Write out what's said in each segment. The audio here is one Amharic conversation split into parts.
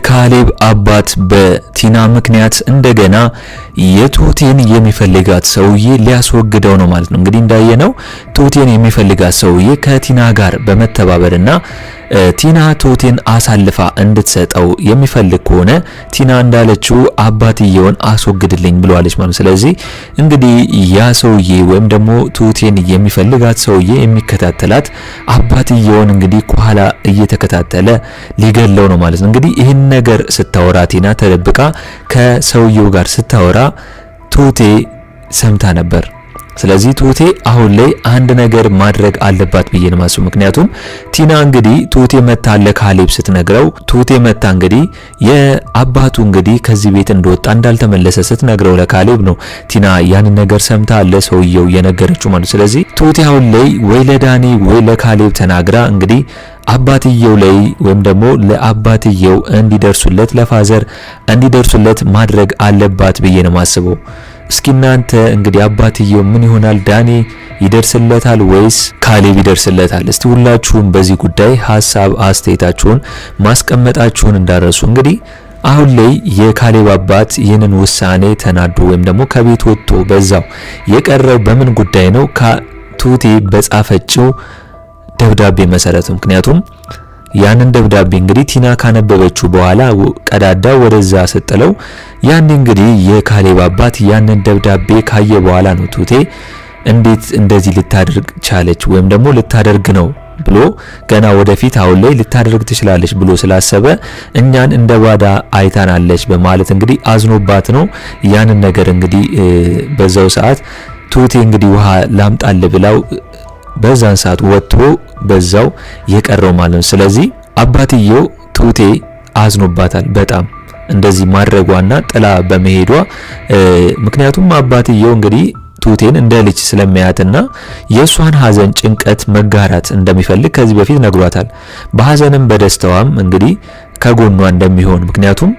የካሌብ አባት በቲና ምክንያት እንደገና የቱቴን የሚፈልጋት ሰውዬ ሊያስወግደው ነው ማለት ነው። እንግዲህ እንዳየነው ቱቴን የሚፈልጋት ሰውዬ ከቲና ጋር በመተባበርና ቲና ትሁቴን አሳልፋ እንድትሰጠው የሚፈልግ ከሆነ ቲና እንዳለችው አባትየውን አስወግድልኝ ብለዋለች ማለት። ስለዚህ እንግዲህ ያ ሰውዬ ወይም ደግሞ ትሁቴን የሚፈልጋት ሰውዬ የሚከታተላት አባትየውን እንግዲህ ከኋላ እየተከታተለ ሊገለው ነው ማለት ነው። እንግዲህ ይህን ነገር ስታወራ ቲና ተደብቃ ከሰውየው ጋር ስታወራ ትሁቴ ሰምታ ነበር። ስለዚህ ቱቴ አሁን ላይ አንድ ነገር ማድረግ አለባት ብዬ ነው የማስበው። ምክንያቱም ቲና እንግዲህ ቱቴ መታ ለካሌብ ስትነግረው ቱቴ መታ እንግዲህ የአባቱ እንግዲህ ከዚህ ቤት እንደወጣ እንዳልተመለሰ ስትነግረው ለካሌብ ነው ቲና ያንን ነገር ሰምታ ለሰውየው የነገረችው ማለት። ስለዚህ ቱቴ አሁን ላይ ወይ ለዳኒ ወይ ለካሌብ ተናግራ እንግዲህ አባትየው ላይ ወይም ደግሞ ለአባትየው እንዲደርሱለት ለፋዘር እንዲደርሱለት ማድረግ አለባት ብዬ ነው የማስበው። እስኪ እናንተ እንግዲህ አባትየው ምን ይሆናል? ዳኔ ይደርስለታል ወይስ ካሌብ ይደርስለታል? እስቲ ሁላችሁም በዚህ ጉዳይ ሀሳብ አስተያየታችሁን ማስቀመጣችሁን እንዳረሱ። እንግዲህ አሁን ላይ የካሌብ አባት ይህንን ውሳኔ ተናዶ ወይም ደግሞ ከቤት ወጥቶ በዛው የቀረው በምን ጉዳይ ነው? ከቱቴ በጻፈችው ደብዳቤ መሰረት ምክንያቱም ያንን ደብዳቤ እንግዲህ ቲና ካነበበችው በኋላ ቀዳዳው ወደዛ ስጥለው ያን እንግዲህ የካሌብ አባት ያንን ደብዳቤ ካየ በኋላ ነው ቱቴ እንዴት እንደዚህ ልታደርግ ቻለች ወይም ደግሞ ልታደርግ ነው ብሎ ገና ወደፊት አሁን ላይ ልታደርግ ትችላለች ብሎ ስላሰበ እኛን እንደ ባዳ አይታናለች በማለት እንግዲህ አዝኖባት ነው ያንን ነገር እንግዲህ በዛው ሰዓት ቱቴ እንግዲህ ውሃ ላምጣል ብላው በዛን ሰዓት ወጥቶ በዛው የቀረው ማለት ነው። ስለዚህ አባትየው ትሁቴ አዝኖባታል በጣም እንደዚህ ማድረጓና ጥላ በመሄዷ ምክንያቱም አባትየው እንግዲህ ትሁቴን እንደ ልጅ ስለሚያትና የእሷን ሀዘን ጭንቀት መጋራት እንደሚፈልግ ከዚህ በፊት ነግሯታል። በሀዘንም በደስታዋም እንግዲህ ከጎኗ እንደሚሆን ምክንያቱም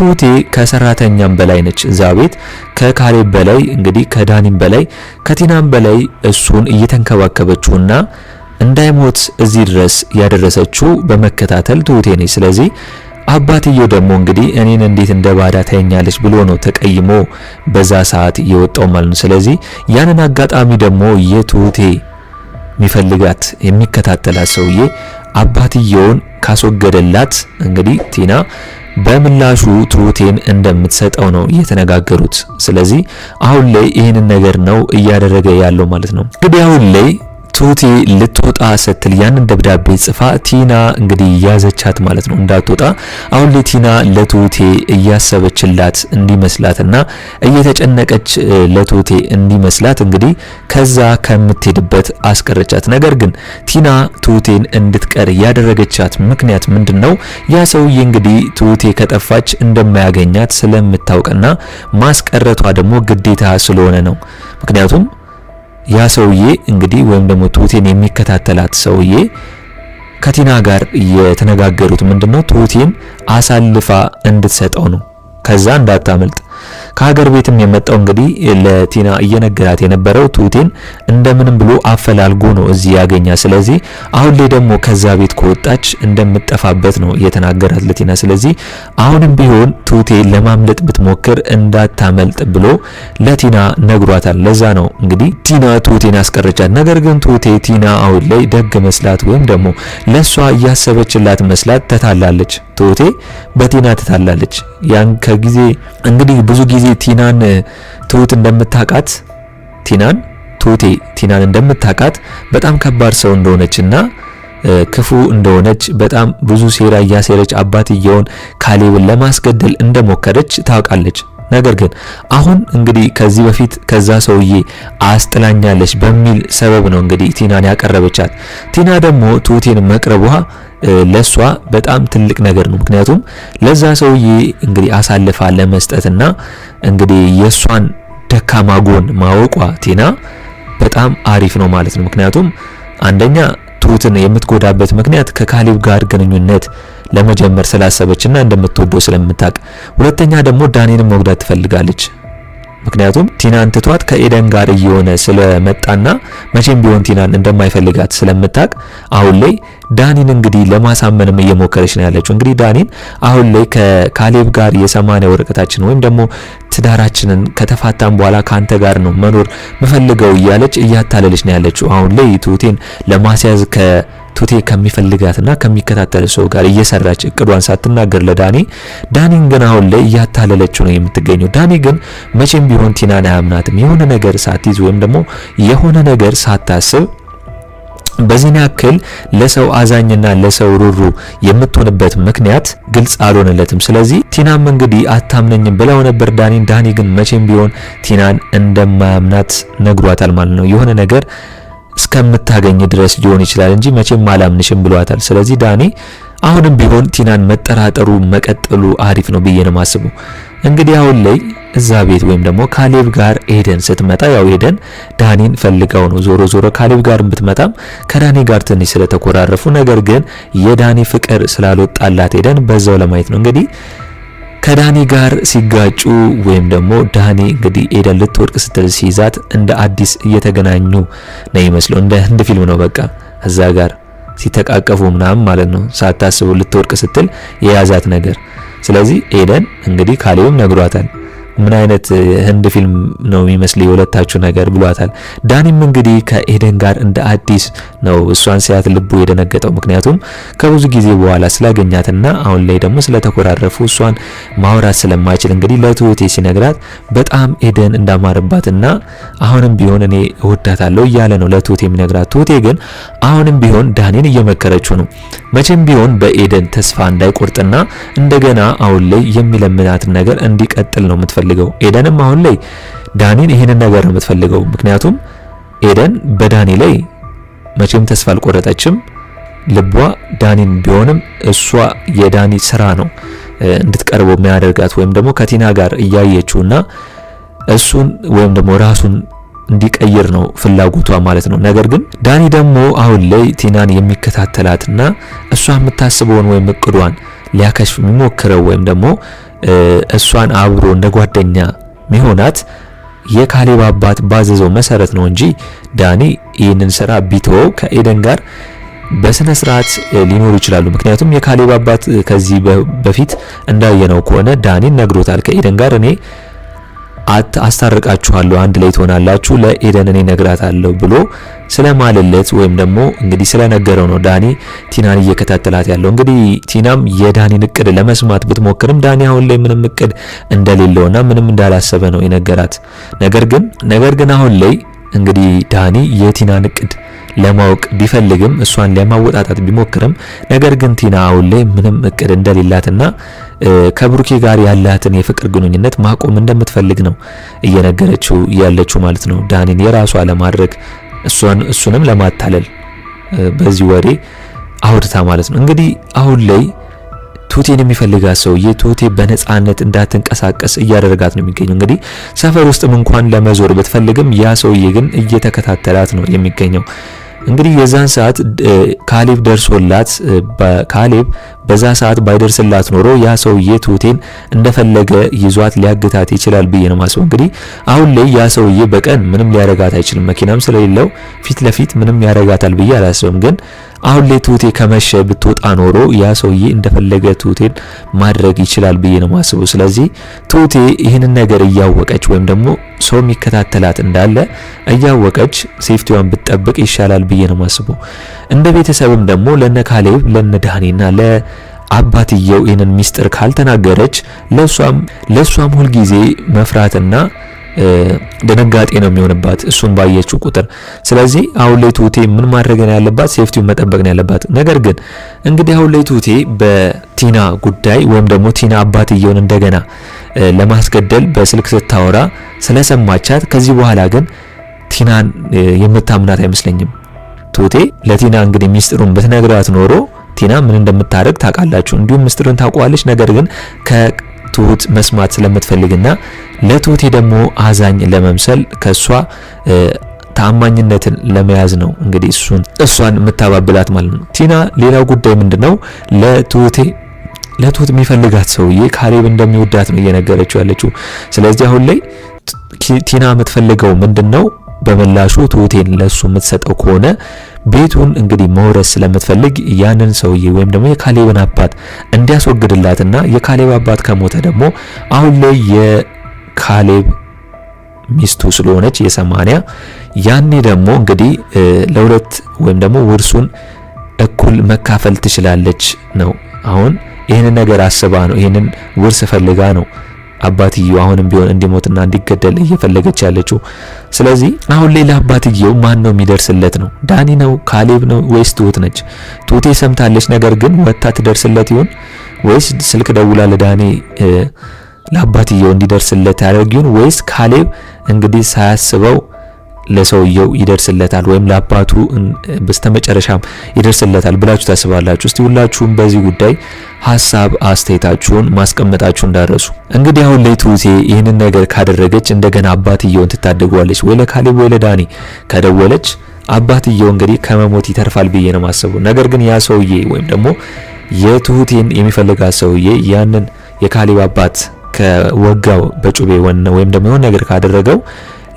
ትሁቴ ከሰራተኛም በላይ ነች እዛ ቤት ከካሌብ በላይ እንግዲህ ከዳኒም በላይ ከቲናም በላይ እሱን እየተንከባከበችውና እንዳይሞት እዚህ ድረስ ያደረሰችው በመከታተል ትሁቴ ነች። ስለዚህ አባትየው ደግሞ እንግዲህ እኔን እንዴት እንደ ባዳ ታየኛለች ብሎ ነው ተቀይሞ በዛ ሰዓት እየወጣው ማለት ነው። ስለዚህ ያንን አጋጣሚ ደግሞ የትሁቴ የሚፈልጋት የሚከታተላት ሰውዬ አባትየውን ካስወገደላት እንግዲህ ቲና በምላሹ ትሁቴን እንደምትሰጠው ነው የተነጋገሩት። ስለዚህ አሁን ላይ ይህንን ነገር ነው እያደረገ ያለው ማለት ነው። እንግዲህ አሁን ላይ ትሁቴ ልትወጣ ስትል ያንን ደብዳቤ ጽፋ ቲና እንግዲህ ያዘቻት ማለት ነው እንዳትወጣ። አሁን ላይ ቲና ለትሁቴ እያሰበችላት እንዲመስላትና እየተጨነቀች ለትሁቴ እንዲመስላት እንግዲህ ከዛ ከምትሄድበት አስቀረቻት። ነገር ግን ቲና ትሁቴን እንድትቀር ያደረገቻት ምክንያት ምንድነው? ያ ሰውዬ እንግዲህ ትሁቴ ከጠፋች እንደማያገኛት ስለምታውቅና ማስቀረቷ ደግሞ ግዴታ ስለሆነ ነው። ምክንያቱም ያ ሰውዬ እንግዲህ ወይም ደግሞ ትሁቴን የሚከታተላት ሰውዬ ከቲና ጋር የተነጋገሩት ምንድነው ትሁቴን አሳልፋ እንድትሰጠው ነው። ከዛ እንዳታመልጥ ከሀገር ቤትም የመጣው እንግዲህ ለቲና እየነገራት የነበረው ትሁቴን እንደምንም ብሎ አፈላልጎ ነው እዚህ ያገኛል። ስለዚህ አሁን ላይ ደግሞ ከዛ ቤት ከወጣች እንደምጠፋበት ነው የተናገራት ለቲና። ስለዚህ አሁንም ቢሆን ትሁቴ ለማምለጥ ብትሞክር እንዳታመልጥ ብሎ ለቲና ነግሯታል። ለዛ ነው እንግዲህ ቲና ትሁቴን አስቀረቻት። ነገር ግን ትሁቴ ቲና አሁን ላይ ደግ መስላት ወይም ደግሞ ለሷ እያሰበችላት መስላት ተታላለች። ትሁቴ በቲና ተታላለች። ያን ከጊዜ እንግዲህ ብዙ ጊዜ ቲናን ትሁት እንደምታቃት ቲናን ትሁቴ ቲናን እንደምታቃት በጣም ከባድ ሰው እንደሆነችና ክፉ እንደሆነች በጣም ብዙ ሴራ እያሴረች አባትየውን ካሌብን ለማስገደል እንደሞከረች ታውቃለች። ነገር ግን አሁን እንግዲህ ከዚህ በፊት ከዛ ሰውዬ አስጥላኛለች በሚል ሰበብ ነው እንግዲህ ቲናን ያቀረበቻት። ቲና ደግሞ ትሁቴን መቅረቧ ለሷ በጣም ትልቅ ነገር ነው። ምክንያቱም ለዛ ሰውዬ እንግዲህ አሳልፋ ለመስጠትና እንግዲህ የሷን ደካማ ጎን ማወቋ ቲና በጣም አሪፍ ነው ማለት ነው። ምክንያቱም አንደኛ ትሁትን የምትጎዳበት ምክንያት ከካሌብ ጋር ግንኙነት ለመጀመር ስላሰበችና እንደምትወደው ስለምታውቅ፣ ሁለተኛ ደግሞ ዳኔንም መጉዳት ትፈልጋለች። ምክንያቱም ቲናን ትቷት ከኤደን ጋር እየሆነ ስለመጣና መቼም ቢሆን ቲናን እንደማይፈልጋት ስለምታቅ አሁን ላይ ዳኒን እንግዲህ ለማሳመንም እየሞከረች ነው ያለችው። እንግዲህ ዳኒን አሁን ላይ ከካሌብ ጋር የሰማንያ ወረቀታችን ወይም ደግሞ ትዳራችንን ከተፋታን በኋላ ካንተ ጋር ነው መኖር ምፈልገው እያለች እያታለለች ነው ያለችው። አሁን ላይ ትሁቴን ለማስያዝ ከ ቱቴ ከሚፈልጋትና ከሚከታተል ሰው ጋር እየሰራች እቅዷን ሳትናገር ለዳኒ ዳኒን ግን አሁን ላይ እያታለለችው ነው የምትገኘው። ዳኒ ግን መቼም ቢሆን ቲናን አያምናትም። የሆነ ነገር ሳትይዝ ወይም ደግሞ የሆነ ነገር ሳታስብ በዚህን ያክል ለሰው አዛኝና ለሰው ሩሩ የምትሆንበት ምክንያት ግልጽ አልሆነለትም። ስለዚህ ቲናም እንግዲህ አታምነኝም ብለው ነበር ዳኒን። ዳኒ ግን መቼም ቢሆን ቲናን እንደማያምናት ነግሯታል ማለት ነው የሆነ ነገር እስከምታገኝ ድረስ ሊሆን ይችላል እንጂ መቼም አላምንሽም ብሏታል። ስለዚህ ዳኒ አሁንም ቢሆን ቲናን መጠራጠሩ መቀጠሉ አሪፍ ነው ብዬ ነው ማስበው። እንግዲህ አሁን ላይ እዛ ቤት ወይም ደግሞ ካሌብ ጋር ኤደን ስትመጣ ያው ኤደን ዳኔን ፈልጋው ነው። ዞሮ ዞሮ ካሌብ ጋር ብትመጣም ከዳኔ ጋር ትንሽ ስለተኮራረፉ ነገር ግን የዳኒ ፍቅር ስላልወጣላት ኤደን በዛው ለማየት ነው እንግዲህ ከዳኒ ጋር ሲጋጩ ወይም ደግሞ ዳኒ እንግዲህ ኤደን ልትወድቅ ስትል ሲይዛት እንደ አዲስ እየተገናኙ ነው ይመስለው። እንደ ህንድ ፊልም ነው በቃ እዛ ጋር ሲተቃቀፉ ምናምን ማለት ነው። ሳታስቡ ልትወድቅ ስትል የያዛት ነገር። ስለዚህ ኤደን እንግዲህ ካሌብም ነግሯታል ምን አይነት ህንድ ፊልም ነው የሚመስል የሁለታችሁ ነገር ብሏታል። ዳኒም እንግዲህ ከኤደን ጋር እንደ አዲስ ነው እሷን ሲያት ልቡ የደነገጠው። ምክንያቱም ከብዙ ጊዜ በኋላ ስላገኛትና አሁን ላይ ደግሞ ስለተኮራረፉ እሷን ማውራት ስለማይችል እንግዲህ ለትሁቴ ሲነግራት በጣም ኤደን እንዳማረባትና አሁንም ቢሆን እኔ እወዳታለሁ እያለ ነው ለትሁቴ የሚነግራት። ትሁቴ ግን አሁንም ቢሆን ዳኒን እየመከረችው ነው። መቼም ቢሆን በኤደን ተስፋ እንዳይቆርጥና እንደገና አሁን ላይ የሚለምናትን ነገር እንዲቀጥል ነው የምትፈልገው የምትፈልገው። ኤደንም አሁን ላይ ዳኒን ይሄንን ነገር ነው የምትፈልገው። ምክንያቱም ኤደን በዳኒ ላይ መቼም ተስፋ አልቆረጠችም። ልቧ ዳኒን ቢሆንም እሷ የዳኒ ስራ ነው እንድትቀርበው የሚያደርጋት ወይም ደግሞ ከቲና ጋር እያየችውና እሱን ወይም ደግሞ ራሱን እንዲቀይር ነው ፍላጎቷ ማለት ነው። ነገር ግን ዳኒ ደግሞ አሁን ላይ ቲናን የሚከታተላትና እሷ የምታስበውን ወይም እቅዷን ሊያከሽፍ የሚሞክረው ወይም ደግሞ እሷን አብሮ እንደ ጓደኛ ሚሆናት የካሌብ አባት ባዘዘው መሰረት ነው እንጂ ዳኒ ይህንን ስራ ቢተወው ከኤደን ጋር በስነ ስርዓት ሊኖሩ ይችላሉ። ምክንያቱም የካሌብ አባት ከዚህ በፊት እንዳየነው ከሆነ ዳኒን ነግሮታል። ከኤደን ጋር እኔ አስታርቃችኋለሁ፣ አንድ ላይ ትሆናላችሁ፣ ለኤደን እኔ ነግራታለሁ ብሎ ስለማልለት ወይም ደግሞ እንግዲህ ስለነገረው ነው ዳኒ ቲናን እየከታተላት ያለው። እንግዲህ ቲናም የዳኒን እቅድ ለመስማት ብትሞክርም ዳኒ አሁን ላይ ምንም እቅድ እንደሌለውና ምንም እንዳላሰበ ነው የነገራት። ነገር ግን ነገር ግን አሁን ላይ እንግዲህ ዳኒ የቲናን እቅድ ለማወቅ ቢፈልግም እሷን ለማወጣጣት ቢሞክርም ነገር ግን ቲና አሁን ላይ ምንም እቅድ እንደሌላትና ከብሩኬ ጋር ያላትን የፍቅር ግንኙነት ማቆም እንደምትፈልግ ነው እየነገረችው ያለችው ማለት ነው። ዳኒን የራሷ ለማድረግ እሷን እሱንም ለማታለል በዚህ ወሬ አውድታ ማለት ነው። እንግዲህ አሁን ላይ ቱቴን የሚፈልጋት ሰውዬ ቱቴ በነጻነት እንዳትንቀሳቀስ እያደረጋት ነው የሚገኘው። እንግዲህ ሰፈር ውስጥም እንኳን ለመዞር ብትፈልግም ያ ሰውዬ ግን እየተከታተላት ነው የሚገኘው። እንግዲህ የዛን ሰዓት ካሌብ ደርሶላት ካሌብ በዛ ሰዓት ባይደርስላት ኖሮ ያ ሰውዬ ትሁቴን እንደፈለገ ይዟት ሊያግታት ይችላል ብዬ ነው ማስበው። እንግዲህ አሁን ላይ ያ ሰውዬ በቀን ምንም ሊያረጋት አይችልም፣ መኪናም ስለሌለው ፊት ለፊት ምንም ያረጋታል ብዬ አላስብም ግን አሁን ላይ ትሁቴ ከመሸ ብትወጣ ኖሮ ያ ሰውዬ እንደፈለገ ትሁቴን ማድረግ ይችላል ብዬ ነው ማስበው። ስለዚህ ትሁቴ ይህንን ነገር እያወቀች ወይም ደግሞ ሰው የሚከታተላት እንዳለ እያወቀች ሴፍቲዋን ብትጠብቅ ይሻላል ብዬ ነው ማስበው። እንደ ቤተሰብም ደግሞ ለነ ካሌብ ለነ ዳህኔና ለ አባትየው ይህንን ሚስጥር ካልተናገረች ለሷም ለሷም ሁልጊዜ መፍራትና ድንጋጤ ነው የሚሆንባት እሱን ባየችው ቁጥር። ስለዚህ አሁን ላይ ትሁቴ ምን ማድረግ ነው ያለባት? ሴፍቲውን መጠበቅ ነው ያለባት። ነገር ግን እንግዲህ አሁን ላይ ትሁቴ በቲና ጉዳይ ወይም ደግሞ ቲና አባትየውን እንደገና ለማስገደል በስልክ ስታወራ ስለሰማቻት ከዚህ በኋላ ግን ቲናን የምታምናት አይመስለኝም። ትሁቴ ለቲና እንግዲህ ሚስጥሩን ብትነግራት ኖሮ ቲና ምን እንደምታደርግ ታውቃላችሁ፣ እንዲሁም ሚስጥሩን ታውቀዋለች። ነገር ግን ትሁት መስማት ስለምትፈልግና ለትሁቴ ደግሞ አዛኝ ለመምሰል ከሷ ታማኝነትን ለመያዝ ነው እንግዲህ እሱን እሷን የምታባብላት ማለት ነው። ቲና ሌላው ጉዳይ ምንድነው ለትሁቴ ለትሁት የሚፈልጋት ሰውዬ ካሌብ እንደሚወዳት ነው እየነገረችው ያለችው። ስለዚህ አሁን ላይ ቲና የምትፈልገው ምንድነው በምላሹ ትሁቴን ለሱ የምትሰጠው ከሆነ ቤቱን እንግዲህ መውረስ ስለምትፈልግ ያንን ሰውዬ ወይም ደግሞ የካሌብን አባት እንዲያስወግድላትና የካሌብ አባት ከሞተ ደግሞ አሁን ላይ የካሌብ ሚስቱ ስለሆነች የሰማንያ ያኔ ደግሞ እንግዲህ ለሁለት ወይም ደግሞ ውርሱን እኩል መካፈል ትችላለች ነው። አሁን ይህንን ነገር አስባ ነው፣ ይህንን ውርስ ፈልጋ ነው አባትየው አሁንም ቢሆን እንዲሞትና እንዲገደል እየፈለገች ያለችው። ስለዚህ አሁን ላይ አባትየው ማን ነው የሚደርስለት ነው? ዳኒ ነው? ካሌብ ነው? ወይስ ትሁት ነች? ትሁቴ ሰምታለች፣ ነገር ግን ወታ ትደርስለት ይሆን? ወይስ ስልክ ደውላ ለዳኒ ለአባትየው እንዲደርስለት ያደርግ ይሆን? ወይስ ካሌብ እንግዲህ ሳያስበው ለሰውየው ይደርስለታል ወይም ለአባቱ በስተመጨረሻም ይደርስለታል ብላችሁ ታስባላችሁ? እስቲ ሁላችሁም በዚህ ጉዳይ ሀሳብ አስተያየታችሁን ማስቀመጣችሁ እንዳረሱ። እንግዲህ አሁን ለትሁቴ ይህንን ነገር ካደረገች እንደገና አባትየውን ትታደጓለች ወይ ለካሌብ ወይ ለዳኒ ከደወለች አባትየው እንግዲህ ከመሞት ይተርፋል ብዬ ነው ማሰቡ። ነገር ግን ያ ሰውዬ ወይም ደግሞ የትሁቴን የሚፈልጋት ሰውዬ ያንን የካሌብ አባት ከወጋው በጩቤ ወይም ደግሞ የሆነ ነገር ካደረገው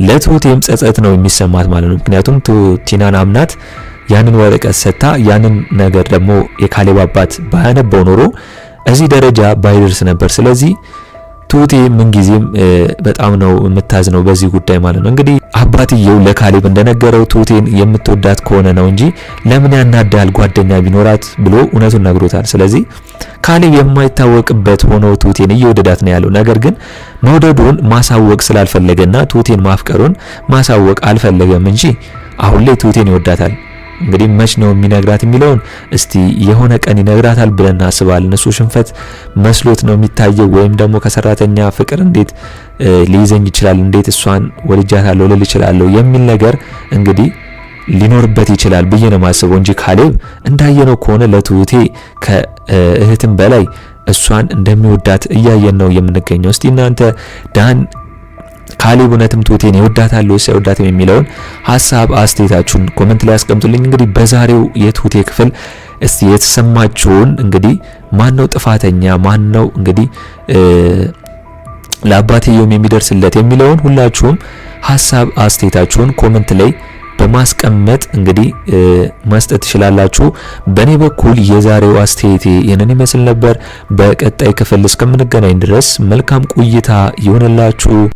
ለትሁቴም ጸጸት ነው የሚሰማት ማለት ነው። ምክንያቱም ቲናን አምናት ያንን ወረቀት ሰጥታ ያንን ነገር ደግሞ የካሌብ አባት ባያነበው ኖሮ እዚህ ደረጃ ባይደርስ ነበር። ስለዚህ ትሁቴ ምንጊዜም በጣም ነው የምታዝ ነው በዚህ ጉዳይ ማለት ነው። እንግዲህ አባትየው ለካሌብ እንደነገረው ትሁቴን የምትወዳት ከሆነ ነው እንጂ ለምን ያናዳል ጓደኛ ቢኖራት ብሎ እውነቱን ነግሮታል። ስለዚህ ካሌብ የማይታወቅበት ሆኖ ትሁቴን እየወደዳት ነው ያለው። ነገር ግን መውደዱን ማሳወቅ ስላልፈለገና ትሁቴን ማፍቀሩን ማሳወቅ አልፈለገም እንጂ አሁን ላይ ትሁቴን ይወዳታል። እንግዲህ መች ነው የሚነግራት የሚለውን እስቲ የሆነ ቀን ይነግራታል ብለን እናስባለን። እሱ ሽንፈት መስሎት ነው የሚታየው፣ ወይም ደግሞ ከሰራተኛ ፍቅር እንዴት ሊይዘኝ ይችላል፣ እንዴት እሷን ወልጃታለሁ ልል እችላለሁ የሚል ነገር እንግዲህ ሊኖርበት ይችላል ብዬ ነው የማስበው እንጂ ካሌብ እንዳየነው ከሆነ ለትሁቴ ከእህትም በላይ እሷን እንደሚወዳት እያየን ነው የምንገኘው። እስቲ እናንተ ዳን ካሌብ እውነትም ቱቴን ይወዳታል ወይስ አይወዳትም የሚለውን ሀሳብ አስተያየታችሁን ኮመንት ላይ አስቀምጡልኝ። እንግዲህ በዛሬው የቱቴ ክፍል እስቲ የተሰማችሁን እንግዲህ ማን ነው ጥፋተኛ፣ ማን ነው እንግዲህ ለአባትየውም የሚደርስለት የሚለውን ሁላችሁም ሀሳብ አስተያየታችሁን ኮመንት ላይ በማስቀመጥ እንግዲህ መስጠት ትችላላችሁ። በእኔ በኩል የዛሬው አስተያየቴ ይህንን ይመስል ነበር። በቀጣይ ክፍል እስከምንገናኝ ድረስ መልካም ቆይታ ይሆንላችሁ።